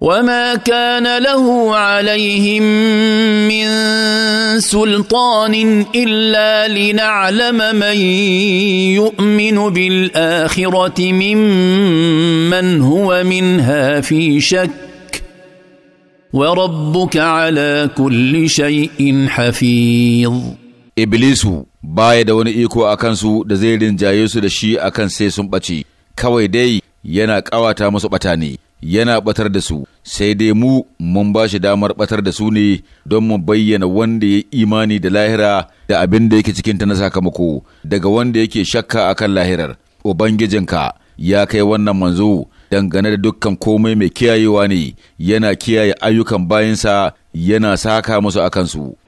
وما كان له عليهم من سلطان الا لنعلم من يؤمن بالاخره ممن هو منها في شك وربك على كل شيء حفيظ ابليس باي da ايكو iko a kansu da zai rinjaye su da shi yana ƙawata masu ɓata ne yana ɓatar da su sai dai mu mun ba shi damar ɓatar da su ne don mu bayyana wanda ya imani da lahira da abin da yake cikinta na sakamako daga wanda yake shakka a kan lahirar ubangijinka ya kai wannan manzo dangane da dukkan komai mai kiyayewa ne yana kiyaye ayyukan bayansa yana saka musu a kansu.